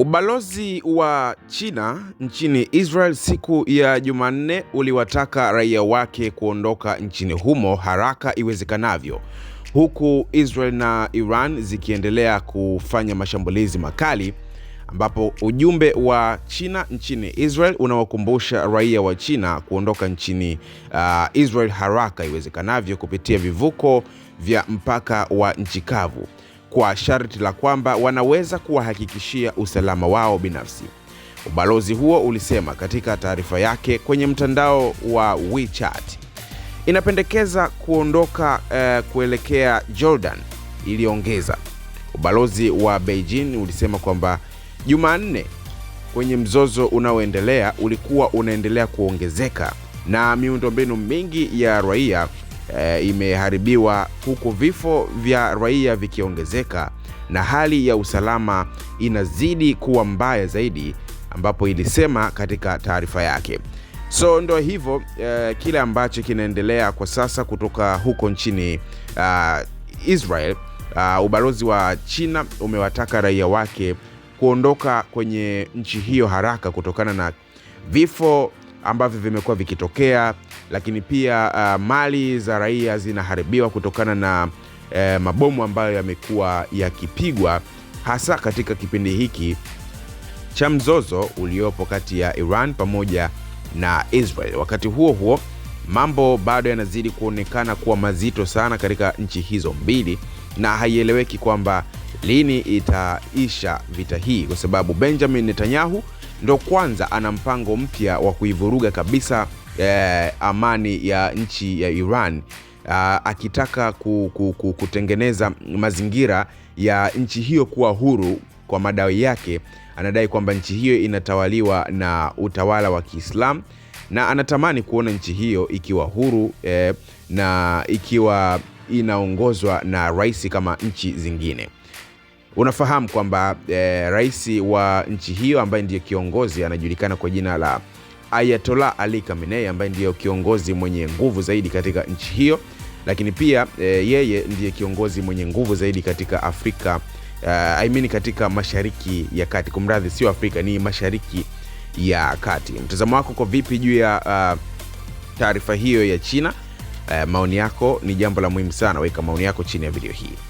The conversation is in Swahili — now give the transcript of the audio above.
Ubalozi wa China nchini Israel siku ya Jumanne uliwataka raia wake kuondoka nchini humo haraka iwezekanavyo, huku Israel na Iran zikiendelea kufanya mashambulizi makali, ambapo ujumbe wa China nchini Israel unawakumbusha raia wa China kuondoka nchini uh, Israel haraka iwezekanavyo kupitia vivuko vya mpaka wa nchi kavu kwa sharti la kwamba wanaweza kuwahakikishia usalama wao binafsi. Ubalozi huo ulisema katika taarifa yake kwenye mtandao wa WeChat inapendekeza kuondoka uh, kuelekea Jordan, iliongeza. Ubalozi wa Beijing ulisema kwamba Jumanne kwenye mzozo unaoendelea ulikuwa unaendelea kuongezeka na miundombinu mingi ya raia e, imeharibiwa huku vifo vya raia vikiongezeka na hali ya usalama inazidi kuwa mbaya zaidi, ambapo ilisema katika taarifa yake. So ndo hivyo e, kile ambacho kinaendelea kwa sasa kutoka huko nchini uh, Israel. Uh, ubalozi wa China umewataka raia wake kuondoka kwenye nchi hiyo haraka kutokana na vifo ambavyo vimekuwa vikitokea lakini pia uh, mali za raia zinaharibiwa kutokana na uh, mabomu ambayo yamekuwa yakipigwa hasa katika kipindi hiki cha mzozo uliopo kati ya Iran pamoja na Israel. Wakati huo huo, mambo bado yanazidi kuonekana kuwa mazito sana katika nchi hizo mbili, na haieleweki kwamba lini itaisha vita hii, kwa sababu Benjamin Netanyahu ndo kwanza ana mpango mpya wa kuivuruga kabisa eh, amani ya nchi ya Iran uh, akitaka ku, ku, ku, kutengeneza mazingira ya nchi hiyo kuwa huru. Kwa madai yake, anadai kwamba nchi hiyo inatawaliwa na utawala wa Kiislamu na anatamani kuona nchi hiyo ikiwa huru eh, na ikiwa inaongozwa na rais kama nchi zingine. Unafahamu kwamba eh, rais wa nchi hiyo ambaye ndiyo kiongozi anajulikana kwa jina la Ayatollah Ali Khamenei ambaye ndiyo kiongozi mwenye nguvu zaidi katika nchi hiyo, lakini pia e, yeye ndiye kiongozi mwenye nguvu zaidi katika Afrika uh, I mean katika Mashariki ya Kati. Kumradhi, sio Afrika, ni Mashariki ya Kati. Mtazamo wako kwa vipi juu ya uh, taarifa hiyo ya China? Uh, maoni yako ni jambo la muhimu sana. Weka maoni yako chini ya video hii.